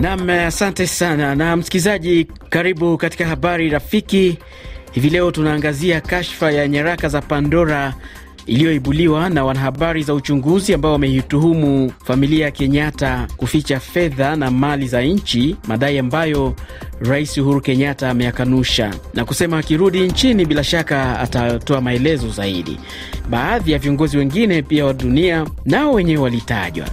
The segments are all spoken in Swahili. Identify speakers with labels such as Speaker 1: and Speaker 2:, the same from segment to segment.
Speaker 1: Nam, asante sana na msikilizaji, karibu katika habari rafiki. Hivi leo tunaangazia kashfa ya nyaraka za Pandora iliyoibuliwa na wanahabari za uchunguzi ambao wameituhumu familia ya Kenyatta kuficha fedha na mali za nchi, madai ambayo Rais Uhuru Kenyatta ameyakanusha na kusema akirudi nchini bila shaka atatoa maelezo zaidi. Baadhi ya viongozi wengine pia wa dunia nao wenyewe walitajwa,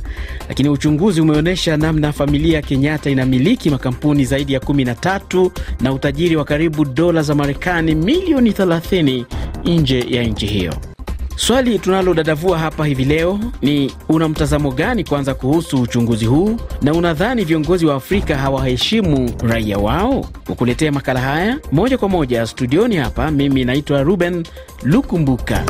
Speaker 1: lakini uchunguzi umeonyesha namna familia ya Kenyatta inamiliki makampuni zaidi ya 13 na utajiri wa karibu dola za Marekani milioni 30 nje ya nchi hiyo. Swali tunalodadavua hapa hivi leo ni una mtazamo gani kwanza kuhusu uchunguzi huu, na unadhani viongozi wa Afrika hawaheshimu raia wao? Kukuletea makala haya moja kwa moja studioni hapa, mimi naitwa Ruben Lukumbuka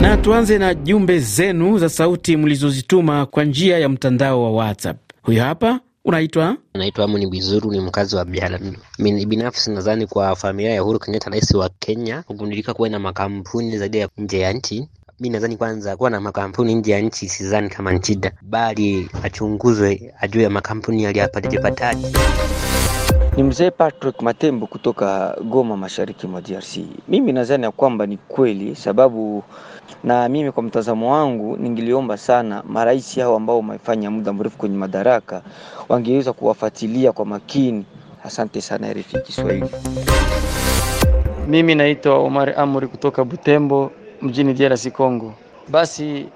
Speaker 1: na tuanze na jumbe zenu za sauti mlizozituma kwa njia ya mtandao wa WhatsApp. Huyo hapa Unaitwa? Naitwa Amuni Bizuru, ni mkazi wa Biala. Mimi binafsi nadhani kwa familia ya Uhuru Kenyatta, rais wa Kenya, kugundulika kuwa na makampuni zaidi ya nje ya nchi Mi nadhani kwanza, kuwa na makampuni nje ya nchi sidhani kama ni shida, bali achunguzwe, ajue ya makampuni yaliyapataje. Ni mzee Patrick Matembo kutoka Goma, mashariki mwa DRC. Mimi nadhani ya kwamba ni kweli sababu na mimi kwa mtazamo wangu ningiliomba sana marais hao ambao wamefanya muda mrefu kwenye madaraka wangeweza kuwafuatilia kwa makini. Asante sana RFI Kiswahili. Mimi naitwa Omar Amuri kutoka Butembo mjini DRC Congo. Basi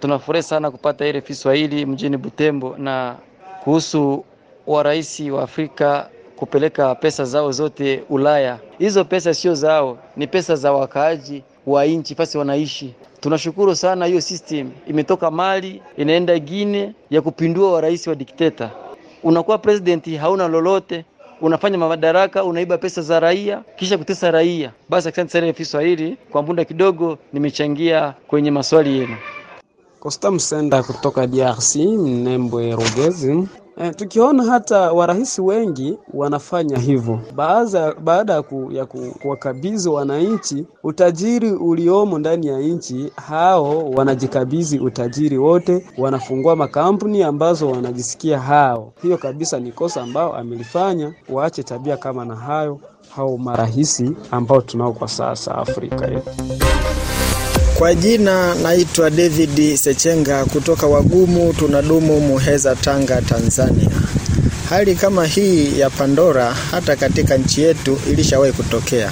Speaker 1: tunafurahi sana kupata RFI Kiswahili mjini Butembo, na kuhusu wa rais wa Afrika kupeleka pesa zao zote Ulaya. Hizo pesa sio zao, ni pesa za wakaaji wa nchi fasi wanaishi. Tunashukuru sana, hiyo system imetoka Mali inaenda Gine ya kupindua wa rais wa dikteta. Unakuwa president hauna lolote, unafanya madaraka, unaiba pesa za raia kisha kutesa raia. Basi asante sana Kiswahili kwa muda kidogo, nimechangia kwenye maswali yenu. Costa Msenda kutoka DRC Mnembwe Rogezi. E, tukiona hata warahisi wengi wanafanya hivyo baada ku, ya ku, kuwakabidhi wananchi utajiri uliomo ndani ya nchi. Hao wanajikabidhi utajiri wote, wanafungua makampuni ambazo wanajisikia hao. Hiyo kabisa ni kosa ambao amelifanya. Waache tabia kama na hayo hao marahisi ambao tunao kwa sasa Afrika yetu. Kwa jina naitwa David Sechenga kutoka Wagumu tunadumu Muheza, Tanga, Tanzania. Hali kama hii ya Pandora hata katika nchi yetu ilishawahi kutokea.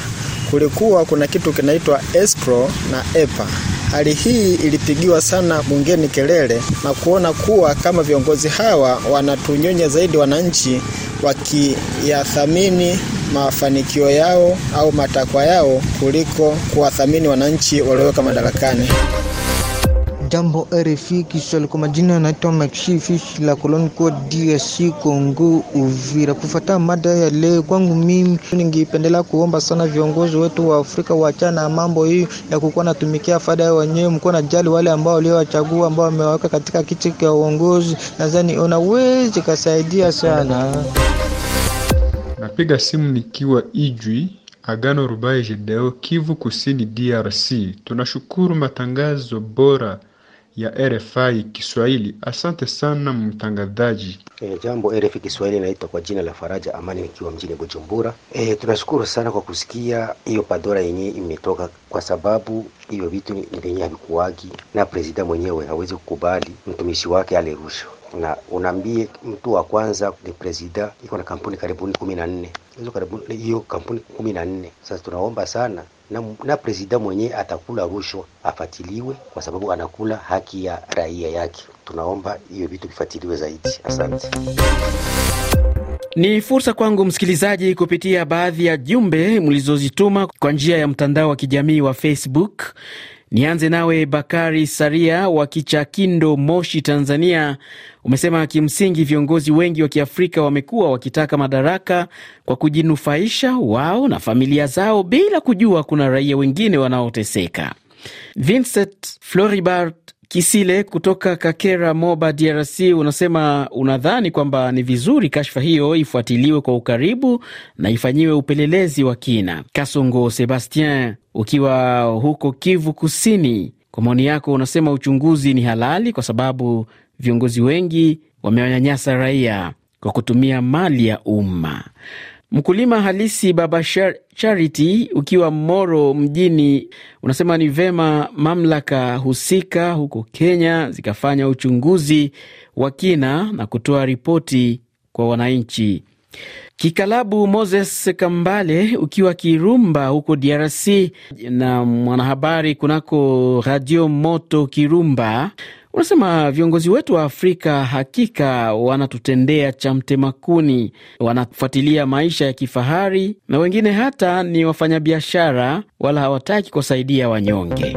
Speaker 1: Kulikuwa kuna kitu kinaitwa escrow na EPA. Hali hii ilipigiwa sana bungeni kelele na kuona kuwa kama viongozi hawa wanatunyonya zaidi wananchi wakiyathamini mafanikio yao au matakwa yao kuliko kuwathamini wananchi walioweka madarakani. Jambo RFI Kiswahili, kwa majina yanaitwa Makshifish la Koloni kwa DRC Congo Uvira. kufata mada ya leo, kwangu mimi ningependelea kuomba sana viongozi wetu wa Afrika wachana na mambo hii ya kukuwa natumikia faida ya wenyewe, mkuwa na jali wale ambao waliowachagua ambao wamewaweka katika kiti cha uongozi. Nadhani unaweza kasaidia sana. Napiga simu nikiwa Ijwi, Agano Rubai Jedeo, Kivu Kusini, DRC. Tunashukuru matangazo bora ya RFI Kiswahili. Asante sana mtangazaji. E, jambo RFI Kiswahili, naitwa kwa jina la Faraja Amani nikiwa mjini Bujumbura. E, tunashukuru sana kwa kusikia hiyo padora yenye imetoka, kwa sababu hiyo vitu vyenye havikuwagi na prezida mwenyewe hawezi kukubali mtumishi wake alirushwa na unaambie mtu wa kwanza ni presida iko na kampuni karibuni kumi na nne hizo karibuni hiyo kampuni kumi na nne Sasa tunaomba sana na, na presida mwenyewe atakula rushwa afatiliwe, kwa sababu anakula haki ya raia yake. Tunaomba hiyo vitu vifatiliwe zaidi. Asante. Ni fursa kwangu msikilizaji, kupitia baadhi ya jumbe mlizozituma kwa njia ya mtandao wa kijamii wa Facebook. Nianze nawe Bakari Saria wa Kichakindo, Moshi, Tanzania. Umesema kimsingi viongozi wengi wa Kiafrika wamekuwa wakitaka madaraka kwa kujinufaisha wao na familia zao bila kujua kuna raia wengine wanaoteseka. Vincent Floribert Kisile kutoka Kakera, Moba, DRC, unasema unadhani kwamba ni vizuri kashfa hiyo ifuatiliwe kwa ukaribu na ifanyiwe upelelezi wa kina. Kasongo Sebastien, ukiwa huko Kivu Kusini, kwa maoni yako unasema uchunguzi ni halali kwa sababu viongozi wengi wamewanyanyasa raia kwa kutumia mali ya umma. Mkulima halisi Baba Charity ukiwa Moro mjini unasema ni vema mamlaka husika huko Kenya zikafanya uchunguzi wa kina na kutoa ripoti kwa wananchi. Kikalabu Moses Kambale ukiwa Kirumba huko DRC na mwanahabari kunako Radio Moto Kirumba Unasema viongozi wetu wa Afrika hakika wanatutendea cha mtemakuni, wanafuatilia maisha ya kifahari na wengine hata ni wafanyabiashara, wala hawataki kusaidia wanyonge.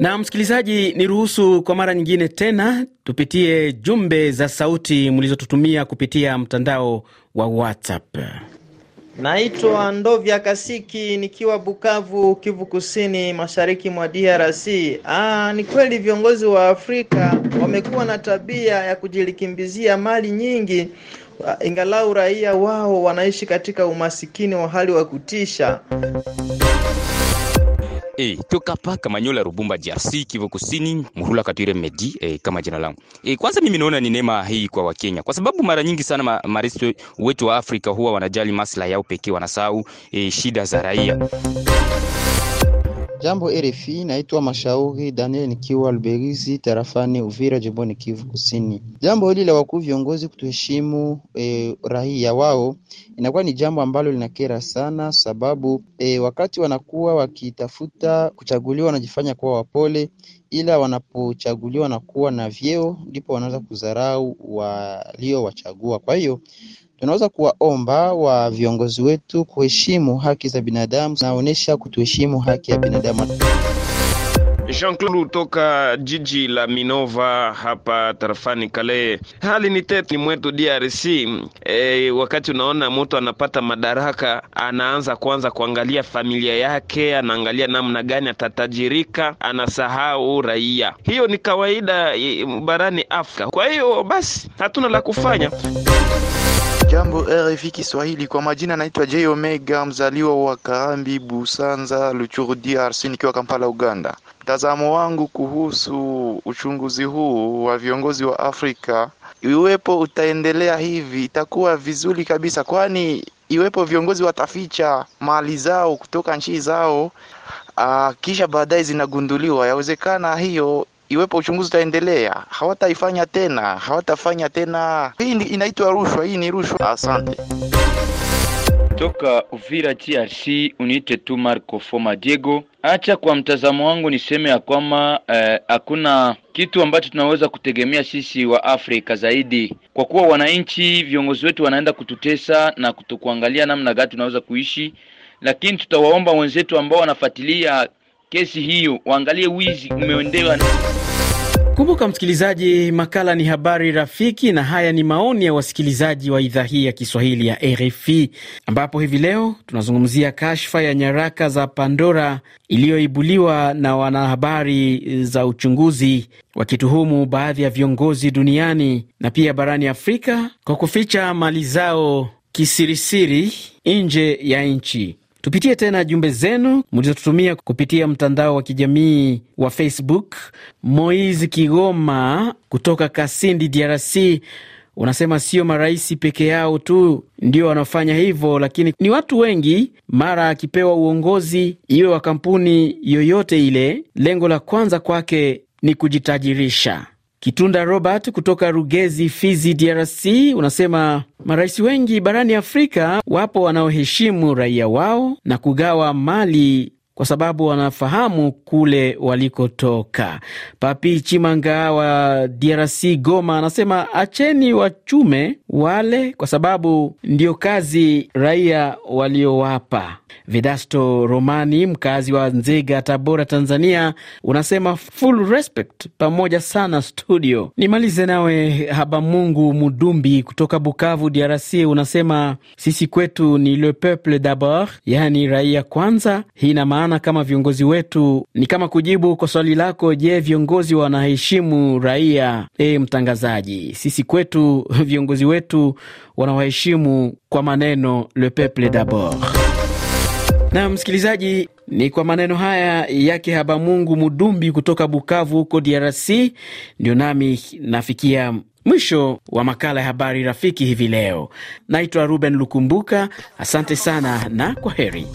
Speaker 1: Na msikilizaji, niruhusu kwa mara nyingine tena tupitie jumbe za sauti mlizotutumia kupitia mtandao wa WhatsApp. Naitwa Ndovya Kasiki nikiwa Bukavu, Kivu Kusini, mashariki mwa DRC. Ah, ni kweli viongozi wa Afrika wamekuwa na tabia ya kujilikimbizia mali nyingi, ingalau raia wao wanaishi katika umasikini wa hali wa kutisha. E, eh, tokapa Kamanyola Rubumba DRC Kivu Kusini, Muhula Katwire Medi e, kama jina langu. E, kwanza mimi naona ni neema hii kwa Wakenya kwa sababu mara nyingi sana ma, maresto wetu wa Afrika huwa wanajali maslahi yao pekee, wanasahau e, shida za raia. Jambo RFI, naitwa Mashauri Daniel nikiwa Luberizi tarafani Uvira jimboni Kivu Kusini. Jambo hili la wakuu viongozi kutuheshimu e, raia wao inakuwa ni jambo ambalo linakera sana, sababu e, wakati wanakuwa wakitafuta kuchaguliwa wanajifanya kuwa wapole, ila wanapochaguliwa na kuwa na vyeo ndipo wanaweza kudharau waliowachagua. Kwa hiyo tunaweza kuwaomba wa viongozi wetu kuheshimu haki za binadamu, naonesha kutuheshimu haki ya binadamu. Jean-Claude toka jiji la Minova hapa tarafani Kale. Hali ni tete ni mwetu DRC. E, wakati unaona mtu anapata madaraka, anaanza kwanza kuangalia familia yake, anaangalia namna gani atatajirika, anasahau raia. Hiyo ni kawaida e, barani Afrika. Kwa hiyo basi hatuna la kufanya. Jambo RFI Kiswahili, kwa majina naitwa J Omega, mzaliwa wa Karambi Busanza, Luchuru, DRC, nikiwa Kampala, Uganda. Mtazamo wangu kuhusu uchunguzi huu wa viongozi wa Afrika, iwepo utaendelea hivi, itakuwa vizuri kabisa, kwani iwepo viongozi wataficha mali zao kutoka nchi zao, uh, kisha baadaye zinagunduliwa, yawezekana hiyo iwepo uchunguzi utaendelea, hawataifanya tena, hawatafanya tena. Hii inaitwa rushwa, hii ni rushwa. Asante. Toka Uvira trc unite tu Marco Foma Diego. Acha kwa mtazamo wangu niseme ya kwamba eh, hakuna kitu ambacho tunaweza kutegemea sisi wa Afrika zaidi, kwa kuwa wananchi, viongozi wetu wanaenda kututesa na kutokuangalia namna gani tunaweza kuishi, lakini tutawaomba wenzetu ambao wanafuatilia kesi hiyo waangalie wizi umeendewa na Kumbuka msikilizaji, makala ni habari rafiki, na haya ni maoni ya wasikilizaji wa idhaa hii ya Kiswahili ya RFI, ambapo hivi leo tunazungumzia kashfa ya nyaraka za Pandora iliyoibuliwa na wanahabari za uchunguzi wakituhumu baadhi ya viongozi duniani na pia barani Afrika kwa kuficha mali zao kisirisiri nje ya nchi. Tupitie tena jumbe zenu mlizotutumia kupitia mtandao wa kijamii wa Facebook. mois Kigoma kutoka Kasindi, DRC, unasema sio marais peke yao tu ndio wanaofanya hivyo, lakini ni watu wengi. Mara akipewa uongozi, iwe wa kampuni yoyote ile, lengo la kwanza kwake ni kujitajirisha. Kitunda Robert kutoka Rugezi, Fizi, DRC unasema marais wengi barani Afrika wapo wanaoheshimu raia wao na kugawa mali kwa sababu wanafahamu kule walikotoka. Papi Chimanga wa DRC Goma anasema acheni wachume wale, kwa sababu ndiyo kazi raia waliowapa. Vedasto Romani, mkazi wa Nzega, Tabora, Tanzania, unasema full respect pamoja sana studio. Nimalize nawe Habamungu Mudumbi kutoka Bukavu, DRC, unasema sisi kwetu ni le peuple d'abord, yani raia kwanza. Hii na maana maana kama viongozi wetu ni kama kujibu kwa swali lako, je, viongozi wanaheshimu raia? E, mtangazaji, sisi kwetu viongozi wetu wanawaheshimu kwa maneno le peuple d'abord. Na msikilizaji, ni kwa maneno haya yake Habamungu Mudumbi kutoka Bukavu huko DRC, ndio nami nafikia mwisho wa makala ya habari rafiki hivi leo. Naitwa Ruben Lukumbuka, asante sana na kwa heri.